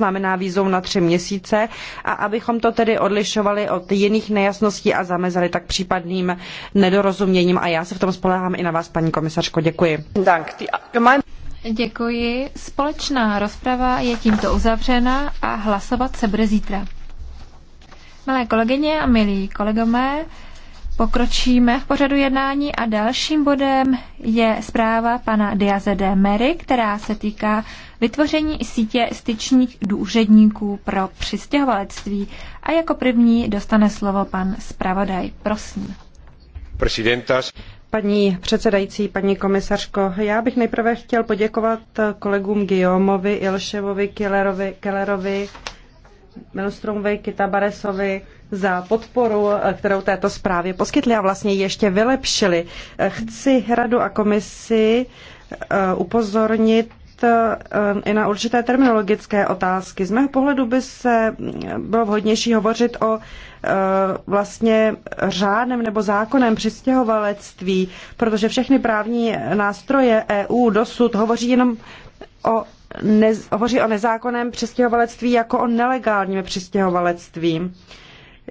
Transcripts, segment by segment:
znamená vízum na tři měsíce a abychom to tedy odlišovali od jiných nejasností a zamezili tak případným nedorozuměním. A já se v tom spolehám i na vás, paní komisařko. Děkuji. Děkuji. Společná rozprava je tímto uzavřena a hlasovat se bude zítra. Milé kolegyně a milí kolegové, pokročíme v pořadu jednání a dalším bodem je zpráva pana Diaze de Mery, která se týká vytvoření sítě styčních důředníků pro přistěhovalectví. A jako první dostane slovo pan zpravodaj. Prosím. Presidentas. Paní předsedající, paní komisařko, já bych nejprve chtěl poděkovat kolegům Guillaumeovi, Ilševovi, Kellerovi, Kellerovi Milstromovi, Kitabaresovi za podporu, kterou této zprávě poskytli a vlastně ještě vylepšili. Chci radu a komisi eh, upozornit E, i na určité terminologické otázky. Z mého pohledu by se bylo vhodnější hovořit o e, vlastně řádném nebo zákonem přistěhovalectví, protože všechny právní nástroje EU dosud hovoří jenom o ne, hovoří o nezákonném přistěhovalectví jako o nelegálním přistěhovalectví.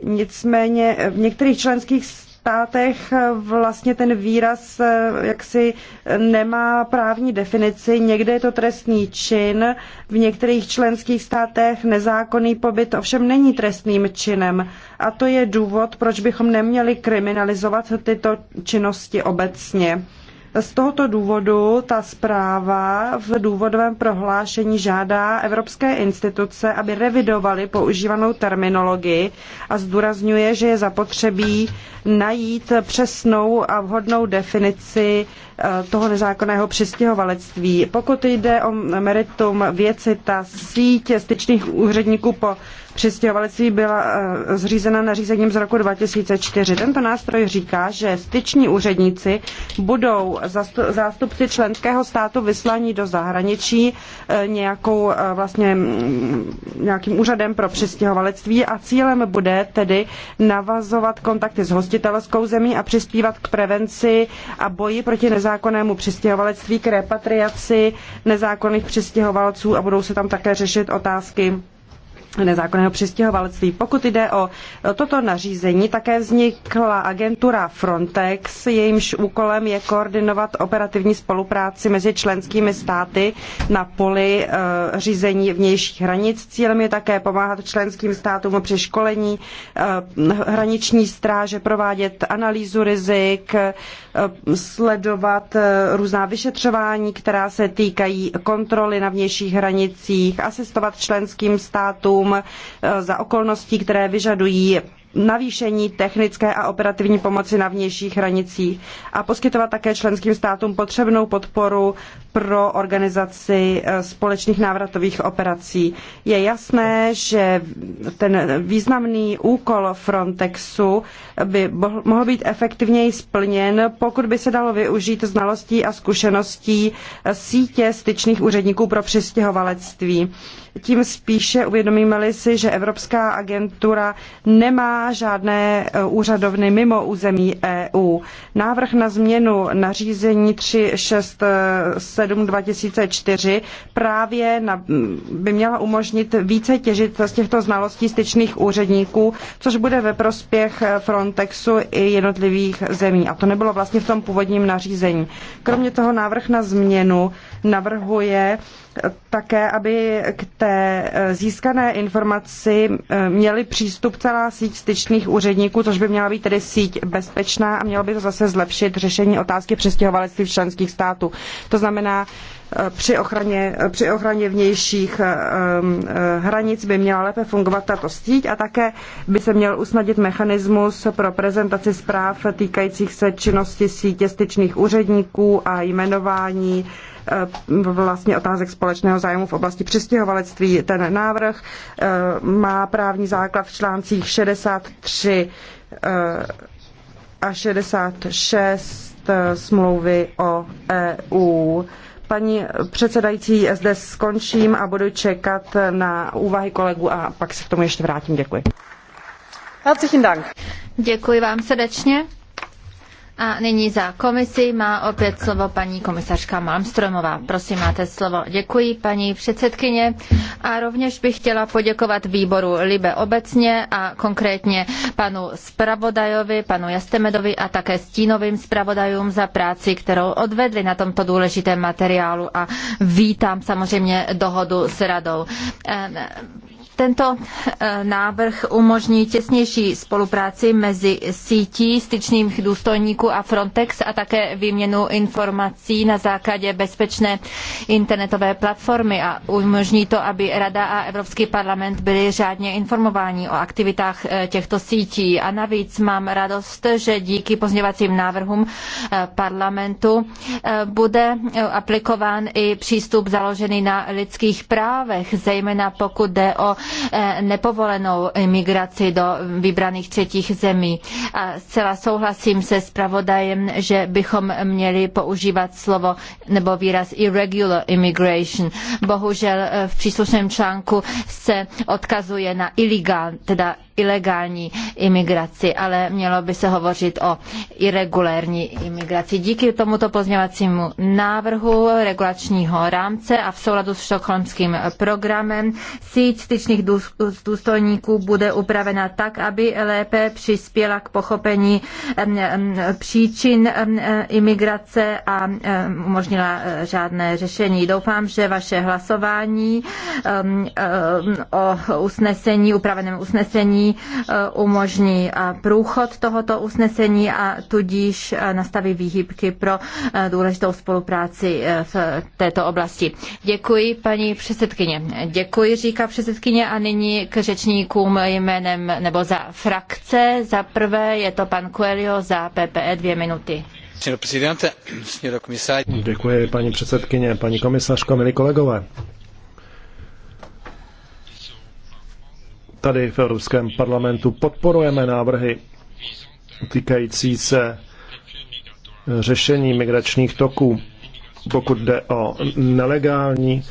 Nicméně v některých členských státech vlastně ten výraz eh, jaksi eh, nemá právní definici. Někde je to trestný čin, v některých členských státech nezákonný pobyt ovšem není trestným činem. A to je důvod, proč bychom neměli kriminalizovat tyto činnosti obecně. Z tohoto důvodu ta zpráva v důvodovém prohlášení žádá evropské instituce, aby revidovaly používanou terminologii a zdůrazňuje, že je zapotřebí najít přesnou a vhodnou definici eh, toho nezákonného přistěhovalectví. Pokud jde o meritum věci, ta síť styčných úředníků po přistěhovalectví byla eh, zřízena nařízením z roku 2004. Tento nástroj říká, že styční úředníci budou zástupci členského státu vyslaní do zahraničí eh, nějakou eh, vlastně mm, nějakým úřadem pro přistěhovalectví a cílem bude tedy navazovat kontakty s hostitelskou zemí a přispívat k prevenci a boji proti nezákonnému přistěhovalectví, k repatriaci nezákonných přistěhovalců a budou se tam také řešit otázky nezákonného přistěhovalectví. Pokud jde o toto nařízení, také vznikla agentura Frontex, jejímž úkolem je koordinovat operativní spolupráci mezi členskými státy na poli eh, řízení vnějších hranic. Cílem je také pomáhat členským státům při školení eh, hraniční stráže, provádět analýzu rizik, eh, sledovat různá vyšetřování, která se týkají kontroly na vnějších hranicích, asistovat členským státům Eh, za okolností, které vyžadují navýšení technické a operativní pomoci na vnějších hranicích a poskytovat také členským státům potřebnou podporu pro organizaci eh, společných návratových operací. Je jasné, že ten významný úkol Frontexu by mohl být efektivněji splněn, pokud by se dalo využít znalostí a zkušeností eh, sítě styčných úředníků pro přistěhovalectví. Tím spíše uvědomíme-li si, že Evropská agentura nemá žádné e, úřadovny mimo území EU. Návrh na změnu nařízení 367 2004 právě na, by měla umožnit více těžit z těchto znalostí styčných úředníků, což bude ve prospěch e, Frontexu i jednotlivých zemí. A to nebylo vlastně v tom původním nařízení. Kromě toho návrh na změnu navrhuje také, aby k té eh, získané informaci eh, měli přístup celá síť styčných úředníků, což by měla být tedy síť bezpečná a mělo by to zase zlepšit řešení otázky přestěhovalectví v členských států. To znamená, eh, při ochraně, při ochraně vnějších hranic by měla lépe fungovat tato síť a také by se měl usnadit mechanismus pro prezentaci zpráv týkajících se činnosti sítě styčných úředníků a jmenování Eh, vlastně otázek společného zájmu v oblasti přistěhovalectví. Ten návrh eh, má právní základ v článcích 63 eh, a 66 smlouvy o EU. Paní předsedající, zde skončím a budu čekat na úvahy kolegů a pak se k tomu ještě vrátím. Děkuji. Herzlichen Dank. Děkuji vám srdečně. A nyní za komisi má opět slovo paní komisařka Malmstromová. Prosím, máte slovo. Děkuji, paní předsedkyně. A rovněž bych chtěla poděkovat výboru Libe obecně a konkrétně panu zpravodajovi, panu Jastemedovi a také stínovým zpravodajům za práci, kterou odvedli na tomto důležitém materiálu a vítám samozřejmě dohodu s radou tento eh, návrh umožní těsnější spolupráci mezi sítí styčných důstojníků a Frontex a také výměnu informací na základě bezpečné internetové platformy a umožní to, aby Rada a Evropský parlament byli řádně informováni o aktivitách eh, těchto sítí. A navíc mám radost, že díky pozměvacím návrhům eh, parlamentu bude aplikován i přístup založený na lidských právech, zejména pokud jde o Eh, nepovolenou migraci do vybraných třetích zemí. A zcela souhlasím se zpravodajem, že bychom měli používat slovo nebo výraz irregular immigration. Bohužel eh, v příslušném článku se odkazuje na ilegál, teda ilegální imigraci, ale mělo by se hovořit o irregulérní imigraci. Díky tomuto pozměvacímu návrhu regulačního rámce a v souladu s štokholmským programem síť styčných důstojníků bude upravena tak, aby lépe přispěla k pochopení příčin e, imigrace a umožnila e, řádné řešení. Doufám, že vaše hlasování e, o usnesení, upraveném usnesení Eh, umožní eh, průchod tohoto usnesení a tudíž eh, nastaví výhybky pro důležitou spolupráci v této oblasti. Děkuji, paní předsedkyně. Děkuji, říká předsedkyně a nyní k řečníkům jménem nebo za frakce. Za prvé je to pan Coelho za PPE dvě minuty. Děkuji, paní předsedkyně, paní komisařko, milí kolegové. tady v Evropském parlamentu podporujeme návrhy týkající se řešení migračních toků, pokud jde o nelegální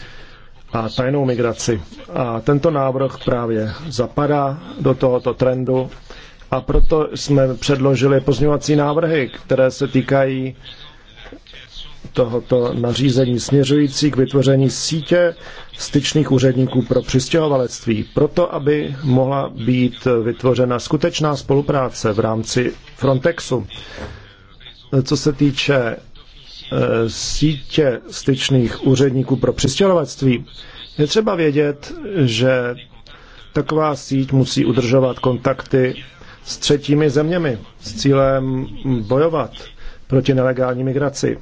a tajnou migraci. A tento návrh právě zapadá do tohoto trendu a proto jsme předložili pozňovací návrhy, které se týkají tohoto nařízení směřující k vytvoření sítě styčných úředníků pro přistěhovalectví, proto aby mohla být vytvořena skutečná spolupráce v rámci Frontexu. Co se týče e, sítě styčných úředníků pro přistěhovalectví, je třeba vědět, že taková síť musí udržovat kontakty s třetími zeměmi s cílem bojovat proti nelegální migraci.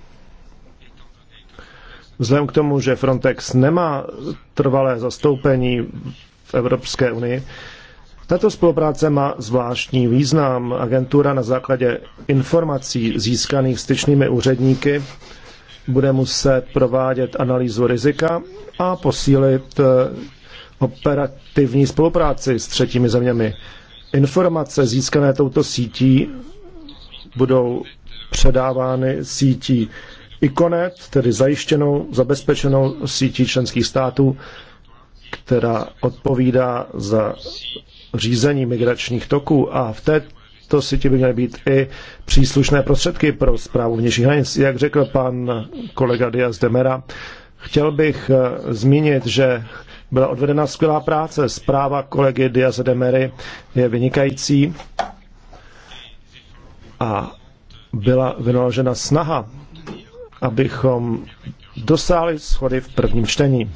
Vzhledem k tomu, že Frontex nemá trvalé zastoupení v Evropské unii, tato spolupráce má zvláštní význam. Agentura na základě informací získaných styčnými úředníky bude muset provádět analýzu rizika a posílit eh, operativní spolupráci s třetími zeměmi. Informace získané touto sítí budou předávány sítí i konec, tedy zajištěnou, zabezpečenou sítí členských států, která odpovídá za řízení migračních toků a v této síti by měly být i příslušné prostředky pro zprávu vnějších hranic. Jak řekl pan kolega Diaz Demera, chtěl bych eh, zmínit, že byla odvedena skvělá práce. Zpráva kolegy Diaz Demery je vynikající a byla vynaložena snaha abychom dosáhli schody v prvním čtení.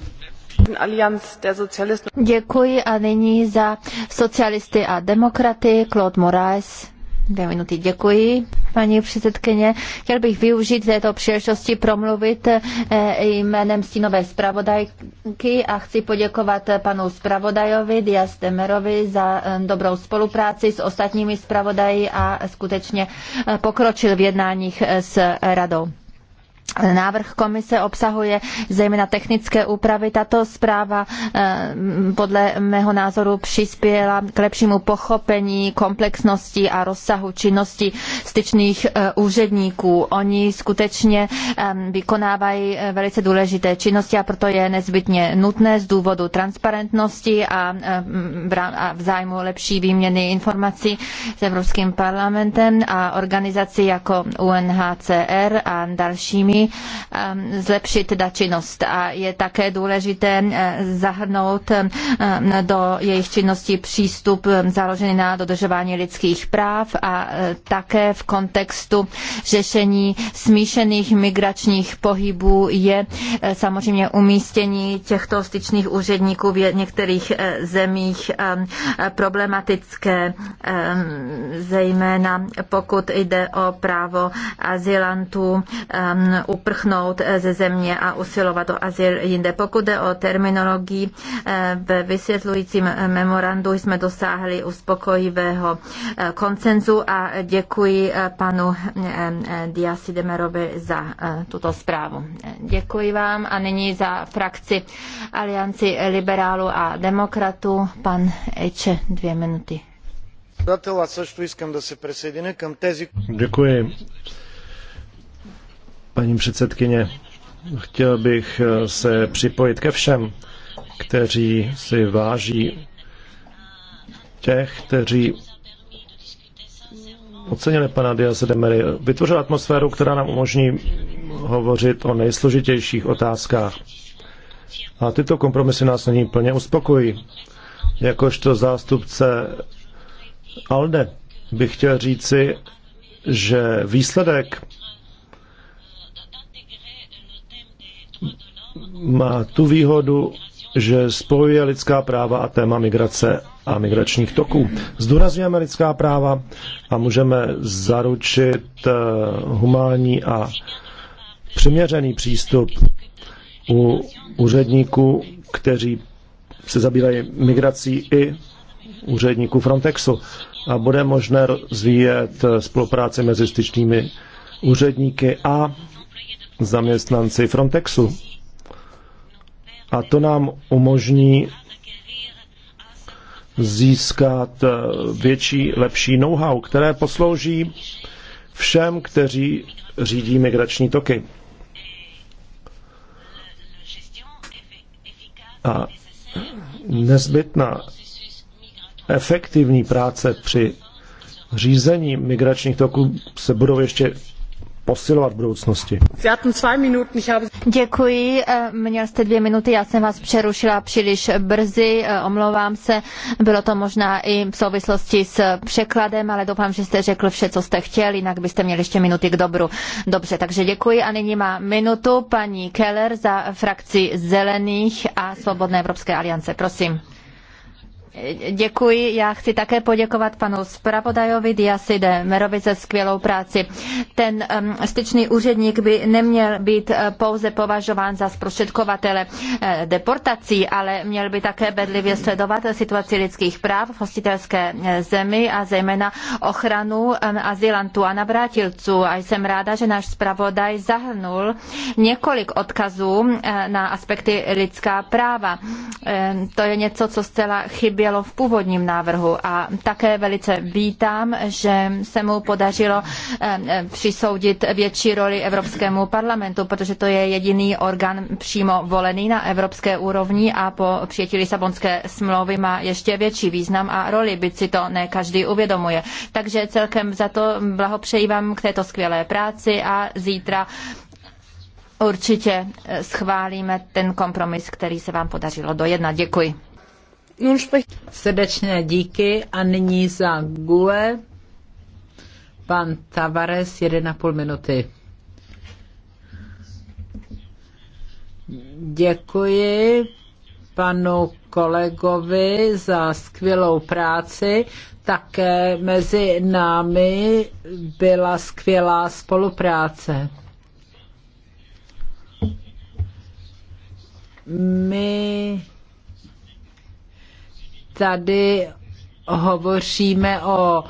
Děkuji a nyní za socialisty a demokraty Claude Moraes. Dvě minuty děkuji, paní předsedkyně. Chtěl bych využít této příležitosti promluvit eh, jménem stínové zpravodajky a chci poděkovat panu zpravodajovi Dias Demerovi za eh, dobrou spolupráci s ostatními zpravodaji a skutečně eh, pokročil v jednáních s radou. Návrh komise obsahuje zejména technické úpravy. Tato zpráva eh, podle mého názoru přispěla k lepšímu pochopení komplexnosti a rozsahu činnosti styčných eh, úředníků. Oni skutečně eh, vykonávají velice důležité činnosti a proto je nezbytně nutné z důvodu transparentnosti a v zájmu lepší výměny informací s Evropským parlamentem a organizací jako UNHCR a dalšími Ehm, zlepšit ta činnost. A je také důležité ehm, zahrnout ehm, do jejich činnosti přístup založený na dodržování lidských práv a eh, také v kontextu řešení smíšených migračních pohybů je eh, samozřejmě umístění těchto styčných úředníků v některých eh, zemích problematické, zejména pokud jde o právo azylantů uprchnout eh, ze země a usilovat o azyl jinde. Pokud jde o terminologii, eh, ve vysvětlujícím eh, memorandu jsme dosáhli uspokojivého koncenzu a děkuji panu Diasi Demerovi za tuto zprávu. Děkuji vám a nyní za frakci Alianci liberálu a demokratů pan Eče dvě minuty. Děkuji. Paní předsedkyně, chtěl bych eh, se připojit ke všem, kteří si váží těch, kteří ocenili pana Diaz Demery. Vytvořil atmosféru, která nám umožní hovořit o nejsložitějších otázkách. A tyto kompromisy nás není plně uspokojí. Jakožto zástupce ALDE bych chtěl říci, že výsledek má tu výhodu, že spojuje lidská práva a téma migrace a migračních toků. Zdůrazňujeme lidská práva a můžeme zaručit eh, humánní a přiměřený přístup u úředníků, kteří se zabývají migrací i úředníků Frontexu. A bude možné rozvíjet eh, spolupráci mezi styčnými úředníky a zaměstnanci Frontexu a to nám umožní získat eh, větší, lepší know-how, které poslouží všem, kteří řídí migrační toky. A nezbytná efektivní práce při řízení migračních toků se budou ještě posilovat v budoucnosti. Děkuji. E, měl jste dvě minuty, já jsem vás přerušila příliš brzy, e, omlouvám se. Bylo to možná i v souvislosti s překladem, ale doufám, že jste řekl vše, co jste chtěl, jinak byste měli ještě minuty k dobru. Dobře, takže děkuji a nyní má minutu paní Keller za frakci Zelených a Svobodné Evropské aliance. Prosím. Děkuji. Já chci také poděkovat panu zpravodajovi de Merovi za skvělou práci. Ten um, styčný úředník by neměl být eh, pouze považován za zprostředkovatele eh, deportací, ale měl by také bedlivě sledovat situaci lidských práv v hostitelské eh, zemi a zejména ochranu azylantů a navrátilců. A jsem ráda, že náš zpravodaj zahrnul několik odkazů na aspekty lidská práva. To je něco, co zcela chybí chybělo v původním návrhu a také velice vítám, že se mu podařilo eh, eh, přisoudit větší roli Evropskému parlamentu, protože to je jediný orgán přímo volený na evropské úrovni a po přijetí Lisabonské smlouvy má ještě větší význam a roli, byť si to ne každý uvědomuje. Takže celkem za to blahopřeji vám k této skvělé práci a zítra určitě schválíme ten kompromis, který se vám podařilo dojednat. Děkuji. Srdečné díky a nyní za GUE pan Tavares 1,5 minuty. Děkuji panu kolegovi za skvělou práci. Také mezi námi byla skvělá spolupráce. My tady hovoříme o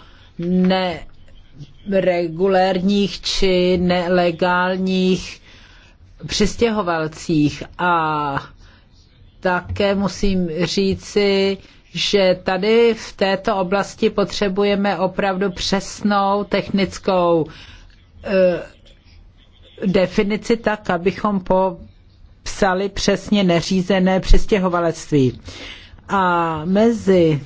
neregulérních či nelegálních přistěhovalcích a také musím říci, že tady v této oblasti potřebujeme opravdu přesnou technickou e, definici tak, abychom popsali přesně neřízené přistěhovalectví. E, a mezi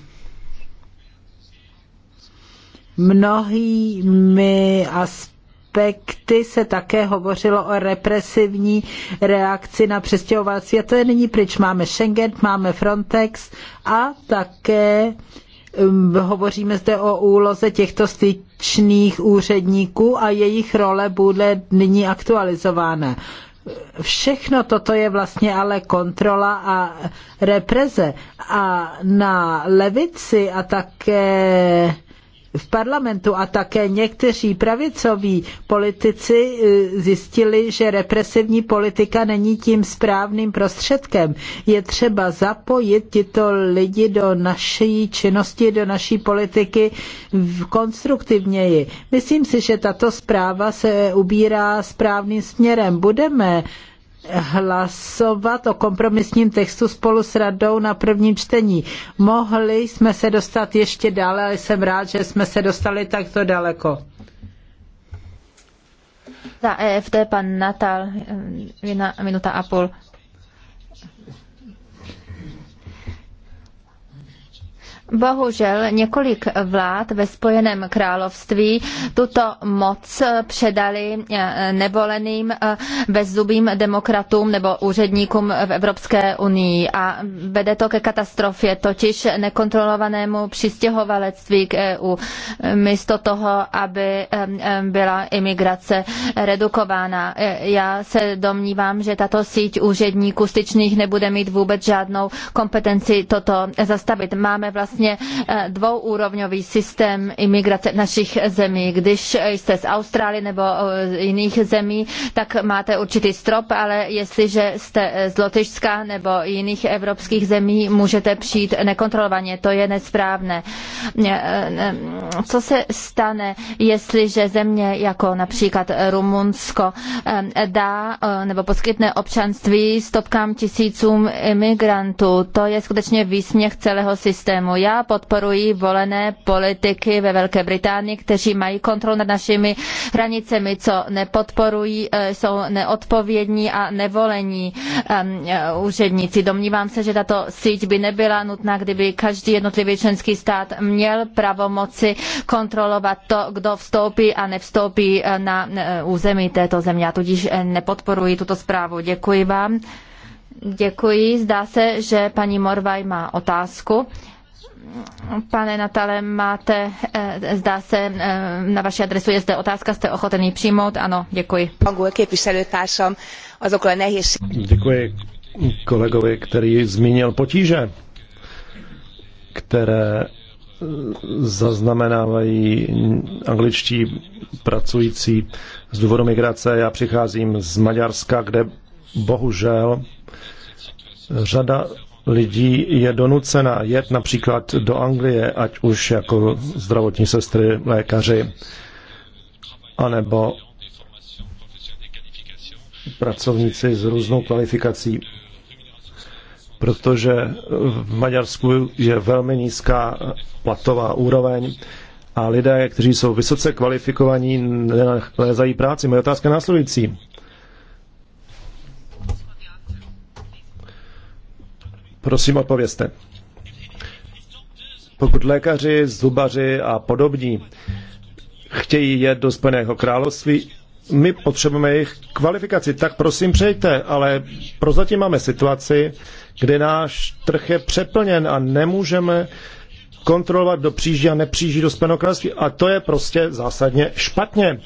mnohými aspekty se také hovořilo o represivní reakci na přestěhovalství. A to je nyní pryč. Máme Schengen, máme Frontex a také um, hovoříme zde o úloze těchto styčných úředníků a jejich role bude nyní aktualizována všechno toto je vlastně ale kontrola a repreze. A na levici a také v parlamentu a také někteří pravicoví politici eh, zjistili, že represivní politika není tím správným prostředkem. Je třeba zapojit tyto lidi do naší činnosti, do naší politiky konstruktivněji. Myslím si, že tato zpráva se ubírá správným směrem. Budeme hlasovat o kompromisním textu spolu s radou na prvním čtení. Mohli jsme se dostat ještě dále, ale jsem rád, že jsme se dostali takto daleko. Za EFT pan Natal, jedna minuta a půl. Bohužel několik vlád ve Spojeném království tuto moc předali eh, neboleným eh, bezzubým demokratům nebo úředníkům v Evropské unii a vede to ke katastrofě, totiž nekontrolovanému přistěhovalectví k EU. Místo toho, aby eh, byla imigrace redukována. Já se domnívám, že tato síť úředníků styčných nebude mít vůbec žádnou kompetenci toto zastavit. Máme vlastně vlastně eh, dvouúrovňový systém imigrace v našich zemí. Když jste z Austrálie nebo eh, jiných zemí, tak máte určitý strop, ale jestliže jste eh, z Lotyšska nebo jiných evropských zemí, můžete přijít nekontrolovaně. To je nesprávné. Co se stane, jestliže země jako například Rumunsko dá nebo poskytne občanství stovkám tisícům imigrantů? To je skutečně výsměch celého systému. Já podporují volené politiky ve Velké Británii, kteří mají kontrolu nad našimi hranicemi, co nepodporují, eh, jsou neodpovědní a nevolení ehm, eh, úředníci. Domnívám se, že tato síť by nebyla nutná, kdyby každý jednotlivý členský stát měl pravomoci kontrolovat to, kdo vstoupí a nevstoupí eh, na území této země. Já tudíž nepodporuji tuto zprávu. Děkuji vám. Děkuji. Zdá se, že paní Morvaj má otázku. Pane Natale, máte, eh, zdá se, eh, na vaši adresu je zde otázka, jste ochotený přijmout? Ano, děkuji. Děkuji kolegovi, který zmínil potíže, které eh, zaznamenávají angličtí pracující z důvodu migrace. Já přicházím z Maďarska, kde bohužel řada lidí je donucena jet například do Anglie, ať už jako zdravotní sestry, lékaři, anebo pracovníci s různou kvalifikací, protože v Maďarsku je velmi nízká platová úroveň a lidé, kteří jsou vysoce kvalifikovaní, nalezají práci. Moje otázka je následující. Prosím, odpovězte. Pokud lékaři, zubaři a podobní chtějí jet do Spojeného království, my potřebujeme jejich kvalifikaci, tak prosím přejte, ale prozatím máme situaci, kdy náš trh je přeplněn a nemůžeme kontrolovat, do přijíždí a nepřijíždí do Spojeného království. A to je prostě zásadně špatně.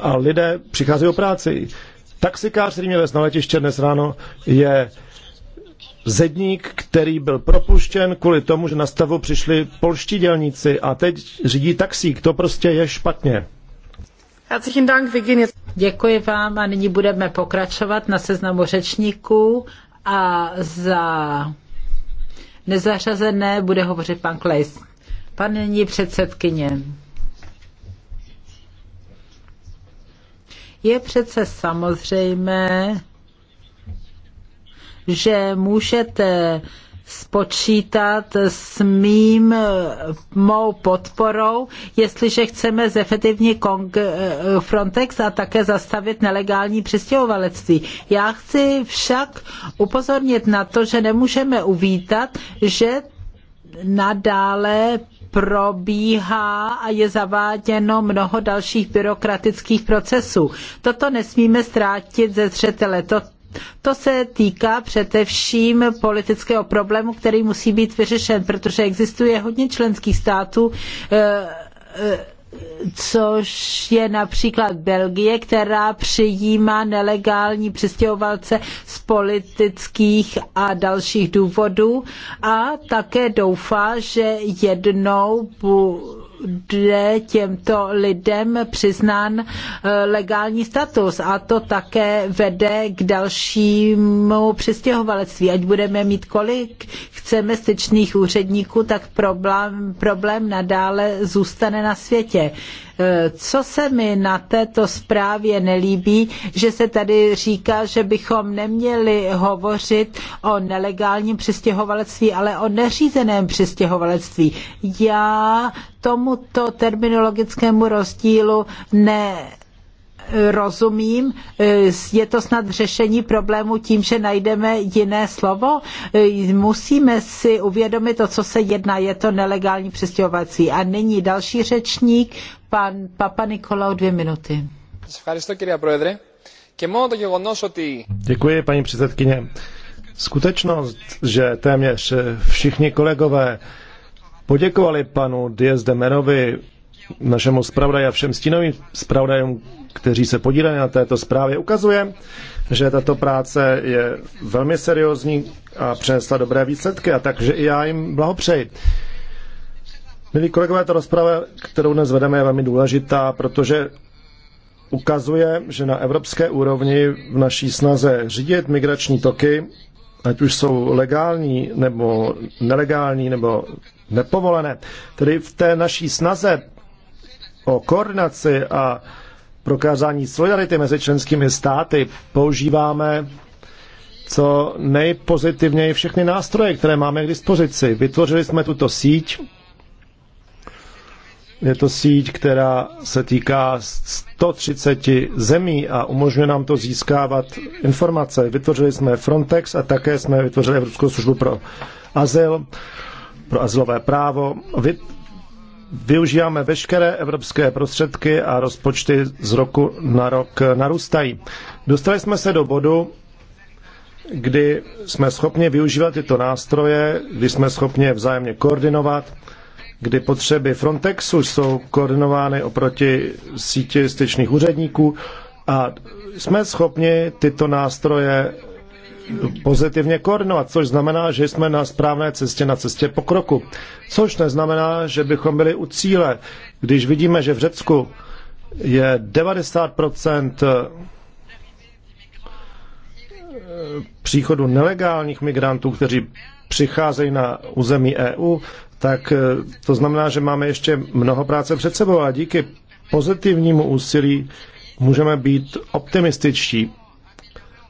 A lidé přichází o práci. Taxikář, který mě na letiště dnes ráno, je zedník, který byl propuštěn kvůli tomu, že na stavu přišli polští dělníci a teď řídí taxík. To prostě je špatně. Děkuji vám a nyní budeme pokračovat na seznamu řečníků a za nezařazené bude hovořit pan Klejs. Pan nyní předsedkyně. Je přece samozřejmé, že můžete spočítat s mým mou podporou, jestliže chceme zefektivně eh, Frontex a také zastavit nelegální přistěhovalectví. Já chci však upozornit na to, že nemůžeme uvítat, že nadále probíhá a je zaváděno mnoho dalších byrokratických procesů. Toto nesmíme ztrátit ze zřetele. To, to se týká především politického problému, který musí být vyřešen, protože existuje hodně členských států, eh, eh, což je například Belgie, která přijímá nelegální přistěhovalce z politických a dalších důvodů a také doufá, že jednou bu- bude těmto lidem přiznán eh, legální status a to také vede k dalšímu přistěhovalectví. Ať budeme mít kolik chceme styčných úředníků, tak problém, problém nadále zůstane na světě. Co se mi na této zprávě nelíbí, že se tady říká, že bychom neměli hovořit o nelegálním přistěhovalectví, ale o neřízeném přistěhovalectví. Já tomuto terminologickému rozdílu ne rozumím. Je to snad řešení problému tím, že najdeme jiné slovo? Musíme si uvědomit, o co se jedná. Je to nelegální přistěhovací. A nyní další řečník, Pan Papa Nikolaou dvě minuty. Děkuji, paní předsedkyně. Skutečnost, že téměř všichni kolegové poděkovali panu Diez de Merovi, našemu zpravodaji a všem stínovým zpravodajům, kteří se podíleli na této zprávě, ukazuje, že tato práce je velmi seriózní a přinesla dobré výsledky, a takže i já jim blahopřeji. Milí kolegové, ta rozprava, kterou dnes vedeme, je velmi důležitá, protože ukazuje, že na evropské úrovni v naší snaze řídit migrační toky, ať už jsou legální nebo nelegální nebo nepovolené, tedy v té naší snaze o koordinaci a prokázání solidarity mezi členskými státy používáme co nejpozitivněji všechny nástroje, které máme k dispozici. Vytvořili jsme tuto síť je to síť, která se týká 130 zemí a umožňuje nám to získávat informace. Vytvořili jsme Frontex a také jsme vytvořili Evropskou službu pro azyl, pro azylové právo. Vy, využíváme veškeré evropské prostředky a rozpočty z roku na rok narůstají. Dostali jsme se do bodu, kdy jsme schopni využívat tyto nástroje, kdy jsme schopni vzájemně koordinovat kdy potřeby Frontexu jsou koordinovány oproti síti styčných úředníků a jsme schopni tyto nástroje pozitivně koordinovat, což znamená, že jsme na správné cestě, na cestě pokroku. Což neznamená, že bychom byli u cíle. Když vidíme, že v Řecku je 90% příchodu nelegálních migrantů, kteří přicházejí na území EU, tak e, to znamená, že máme ještě mnoho práce před sebou a díky pozitivnímu úsilí můžeme být optimističtí.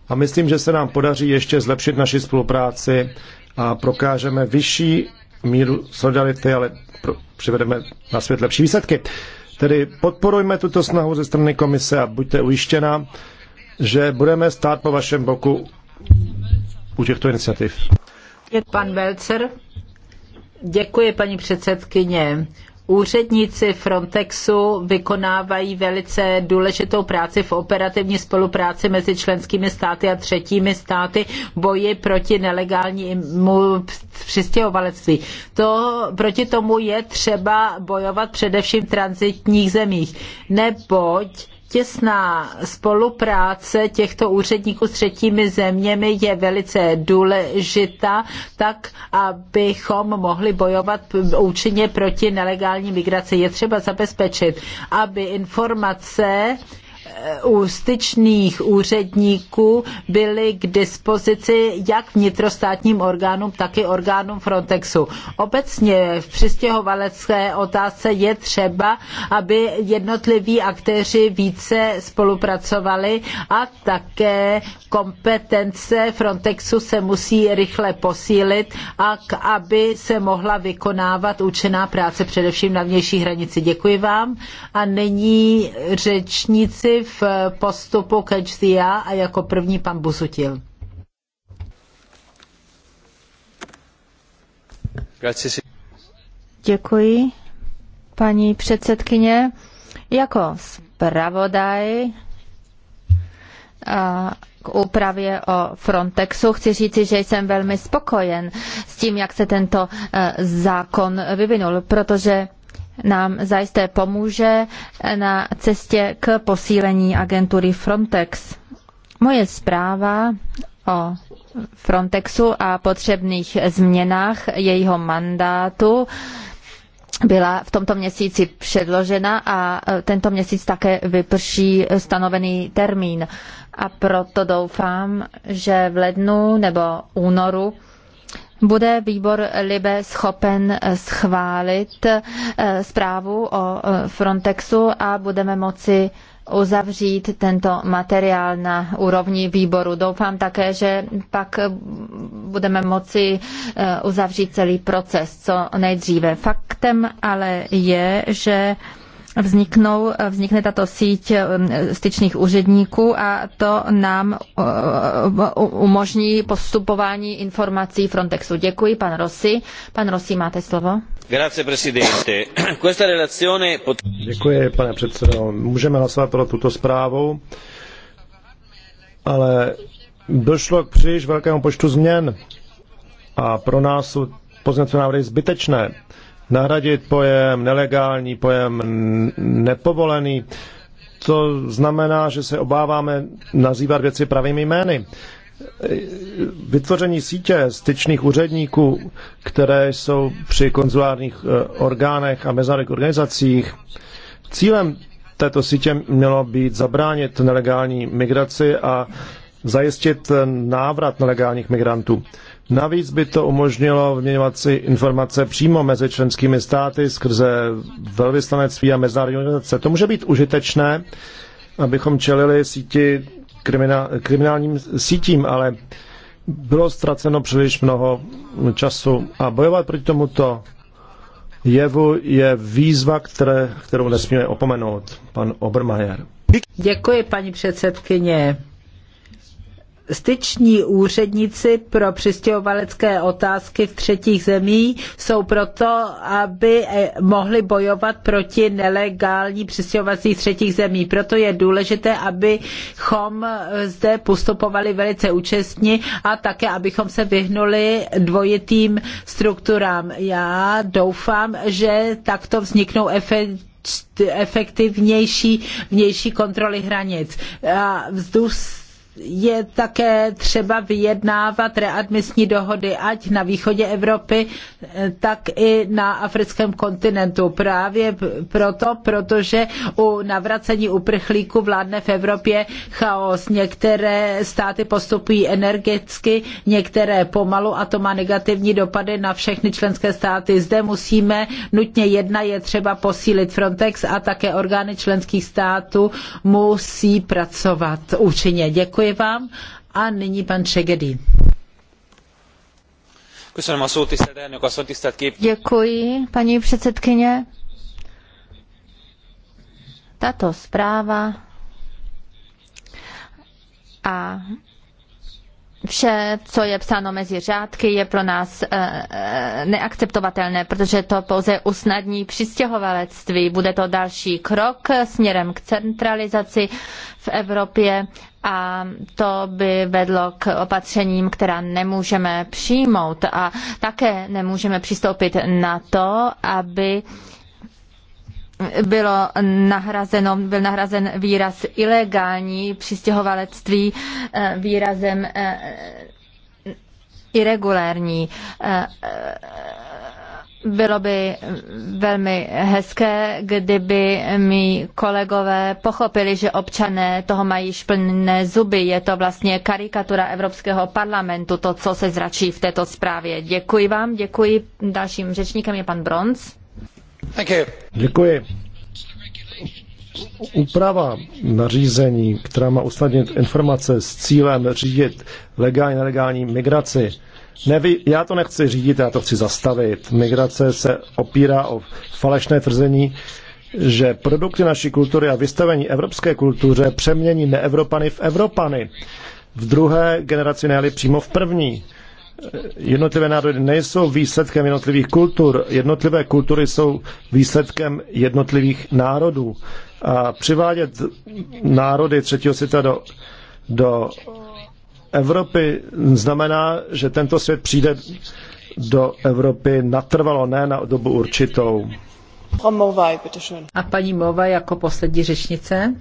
A myslím, že se nám podaří ještě zlepšit naši spolupráci a prokážeme vyšší míru solidarity, ale přivedeme na svět lepší výsledky. Tedy podporujme tuto snahu ze strany komise a buďte ujištěna, že budeme stát po vašem boku u těchto iniciativ. Pan Belcer. Děkuji, paní předsedkyně. Úředníci Frontexu vykonávají velice důležitou práci v operativní spolupráci mezi členskými státy a třetími státy v boji proti nelegálnímu přistěhovalectví. To, proti tomu je třeba bojovat především v transitních zemích, neboť těsná spolupráce těchto úředníků s třetími zeměmi je velice důležitá, tak abychom mohli bojovat účinně proti nelegální migraci. Je třeba zabezpečit, aby informace u styčných úředníků byly k dispozici jak vnitrostátním orgánům, tak i orgánům Frontexu. Obecně v přistěhovalecké otázce je třeba, aby jednotliví aktéři více spolupracovali a také kompetence Frontexu se musí rychle posílit, a aby se mohla vykonávat účinná práce především na vnější hranici. Děkuji vám a nyní řečníci v postupu Catch the a jako první pan Busutil. Děkuji, paní předsedkyně. Jako zpravodaj k úpravě o Frontexu. Chci říci, že jsem velmi spokojen s tím, jak se tento e, zákon vyvinul, protože nám zajisté pomůže na cestě k posílení agentury Frontex. Moje zpráva o Frontexu a potřebných změnách jejího mandátu byla v tomto měsíci předložena a tento měsíc také vyprší stanovený termín. A proto doufám, že v lednu nebo únoru bude výbor Libe schopen eh, schválit eh, zprávu o eh, Frontexu a budeme moci uzavřít tento materiál na úrovni výboru. Doufám také, že pak budeme moci uzavřít celý proces co nejdříve. Faktem ale je, že vzniknou, vznikne tato síť eh, styčných úředníků a to nám eh, umožní postupování informací Frontexu. Děkuji, pan Rossi. Pan Rossi, máte slovo. Děkuji, pane předsedo. Můžeme hlasovat pro tuto zprávu, ale došlo k příliš velkému počtu změn a pro nás jsou pozměňovací návrhy zbytečné nahradit pojem nelegální, pojem nepovolený. To znamená, že se obáváme nazývat věci pravými jmény. Vytvoření sítě styčných úředníků, které jsou při konzulárních e, orgánech a mezinárodních organizacích, cílem této sítě mělo být zabránit nelegální migraci a zajistit e, návrat nelegálních migrantů. Navíc by to umožnilo vyměňovat si informace přímo mezi členskými státy skrze velvyslanectví a mezinárodní organizace. To může být užitečné, abychom čelili síti kriminál, kriminálním sítím, ale bylo ztraceno příliš mnoho času a bojovat proti tomuto jevu je výzva, které, kterou nesmíme opomenout. Pan Obermajer. Děkuji, paní předsedkyně styční úředníci pro přistěhovalecké otázky v třetích zemích jsou proto, aby eh, mohli bojovat proti nelegální přistěhovací z třetích zemí. Proto je důležité, abychom eh, zde postupovali velice účestně a také, abychom se vyhnuli dvojitým strukturám. Já doufám, že takto vzniknou efektivnější vnější kontroly hranic. A vzduch je také třeba vyjednávat readmisní dohody, ať na východě Evropy, tak i na africkém kontinentu. Právě proto, protože u navracení uprchlíků vládne v Evropě chaos. Některé státy postupují energeticky, některé pomalu a to má negativní dopady na všechny členské státy. Zde musíme nutně jedna je třeba posílit Frontex a také orgány členských států musí pracovat účinně. Děkuji Děkuji vám a nyní pan Šegedý. Děkuji, paní předsedkyně. Tato zpráva a vše, co je psáno mezi řádky, je pro nás eh, eh, neakceptovatelné, protože to pouze usnadní přistěhovalectví. Bude to další krok směrem k centralizaci v Evropě a to by vedlo k opatřením, která nemůžeme přijmout a také nemůžeme přistoupit na to, aby bylo nahrazeno, byl nahrazen výraz ilegální přistěhovalectví eh, výrazem eh, irregulérní. Eh, bylo by velmi hezké, kdyby mi kolegové pochopili, že občané toho mají šplné zuby. Je to vlastně karikatura Evropského parlamentu, to, co se zračí v této zprávě. Děkuji vám, děkuji. Dalším řečníkem je pan Bronz. Děkuji. Úprava nařízení, která má usnadnit informace s cílem řídit legální a nelegální migraci, Nevy, já to nechci řídit, já to chci zastavit. Migrace se opírá o falešné tvrzení, že produkty naší kultury a vystavení evropské kultuře přemění neevropany v Evropany. V druhé generaci nejeli přímo v první. Jednotlivé národy nejsou výsledkem jednotlivých kultur. Jednotlivé kultury jsou výsledkem jednotlivých národů. A přivádět národy třetího světa do, do Evropy znamená, že tento svět přijde do Evropy natrvalo, ne na dobu určitou. A paní Mova jako poslední řečnice.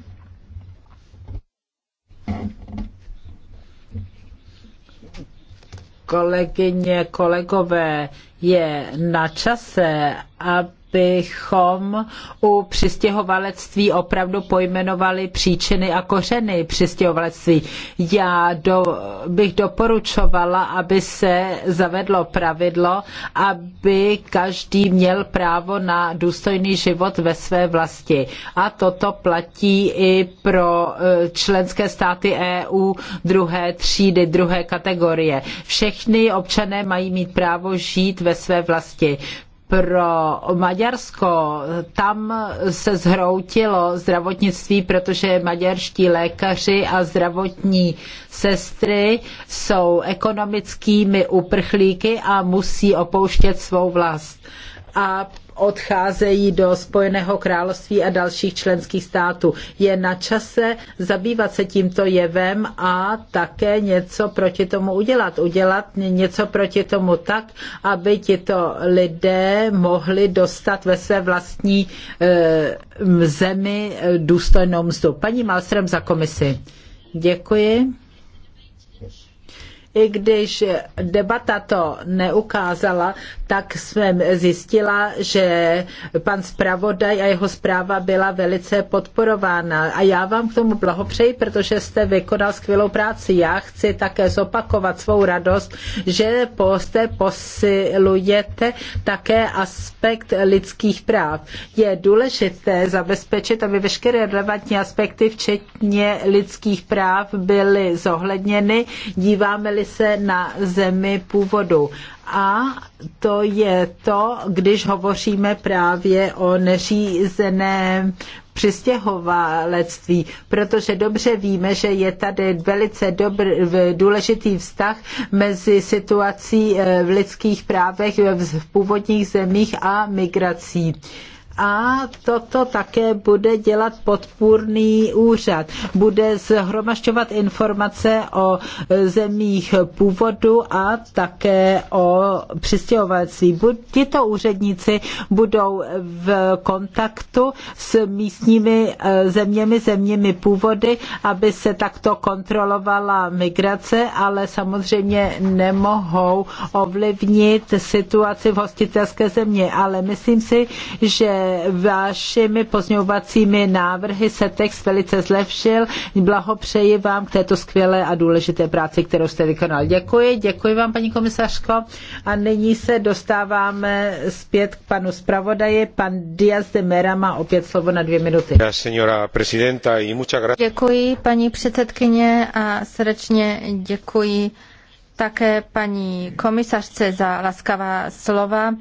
kolegyně, kolegové, je na čase, aby bychom u přistěhovalectví opravdu pojmenovali příčiny a kořeny přistěhovalectví. Já do, bych doporučovala, aby se zavedlo pravidlo, aby každý měl právo na důstojný život ve své vlasti. A toto platí i pro e, členské státy EU druhé třídy, druhé kategorie. Všechny občané mají mít právo žít ve své vlasti pro Maďarsko, tam se zhroutilo zdravotnictví, protože maďarští lékaři a zdravotní sestry jsou ekonomickými uprchlíky a musí opouštět svou vlast. A odcházejí do Spojeného království a dalších členských států. Je na čase zabývat se tímto jevem a také něco proti tomu udělat. Udělat něco proti tomu tak, aby tito lidé mohli dostat ve své vlastní eh, zemi eh, důstojnou mzdu. Paní Malstrem za komisi. Děkuji i když debata to neukázala, tak jsem zjistila, že pan zpravodaj a jeho zpráva byla velice podporována. A já vám k tomu blahopřeji, protože jste vykonal skvělou práci. Já chci také zopakovat svou radost, že jste posilujete také aspekt lidských práv. Je důležité zabezpečit, aby veškeré relevantní aspekty, včetně lidských práv, byly zohledněny. Díváme-li se na zemi původu. A to je to, když hovoříme právě o neřízeném přistěhovalectví, protože dobře víme, že je tady velice dobr, důležitý vztah mezi situací eh, v lidských právech v původních zemích a migrací a toto také bude dělat podpůrný úřad. Bude zhromažďovat informace o zemích původu a také o přistěhovací. Tito úředníci budou v kontaktu s místními eh, zeměmi, zeměmi původy, aby se takto kontrolovala migrace, ale samozřejmě nemohou ovlivnit situaci v hostitelské země. Ale myslím si, že vašimi pozňovacími návrhy se text velice zlepšil. Blahopřeji vám k této skvělé a důležité práci, kterou jste vykonal. Děkuji, děkuji vám, paní komisařko. A nyní se dostáváme zpět k panu zpravodaji. Pan Diaz de Mera má opět slovo na dvě minuty. Děkuji, paní předsedkyně, a srdečně děkuji také paní komisařce za laskavá slova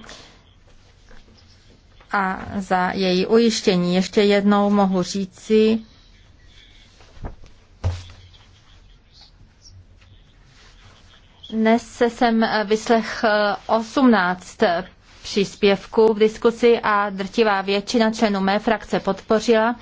a za její ujištění. Ještě jednou mohu říci, Dnes jsem vyslechl 18 příspěvků v diskusi a drtivá většina členů mé frakce podpořila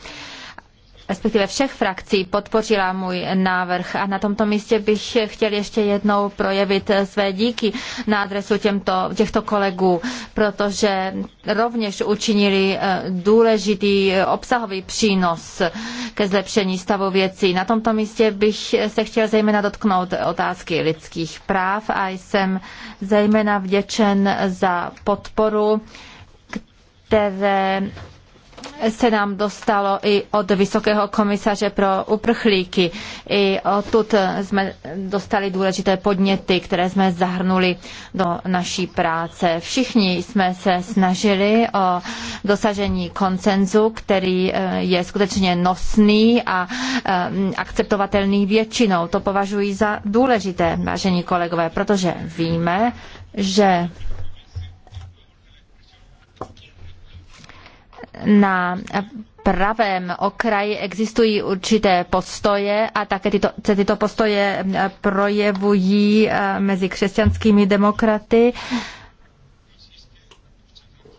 respektive všech frakcí podpořila můj návrh a na tomto místě bych chtěl ještě jednou projevit své díky na adresu těmto, těchto kolegů, protože rovněž učinili eh, důležitý eh, obsahový přínos ke zlepšení stavu věcí. Na tomto místě bych se chtěl zejména dotknout otázky lidských práv a jsem zejména vděčen za podporu které se nám dostalo i od Vysokého komisaře pro uprchlíky. I odtud jsme dostali důležité podněty, které jsme zahrnuli do naší práce. Všichni jsme se snažili o dosažení koncenzu, který eh, je skutečně nosný a eh, akceptovatelný většinou. To považuji za důležité, vážení kolegové, protože víme, že na pravém okraji existují určité postoje a také tyto, se tyto postoje projevují e, mezi křesťanskými demokraty.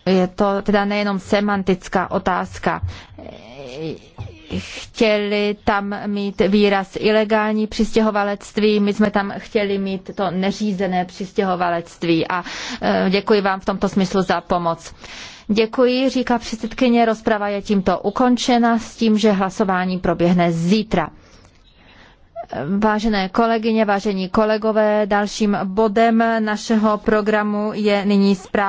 Je to teda nejenom semantická otázka. Chtěli tam mít výraz ilegální přistěhovalectví, my jsme tam chtěli mít to neřízené přistěhovalectví a e, děkuji vám v tomto smyslu za pomoc. Děkuji, říká předsedkyně. Rozprava je tímto ukončena s tím, že hlasování proběhne zítra. Vážené kolegyně, vážení kolegové, dalším bodem našeho programu je nyní zpráva.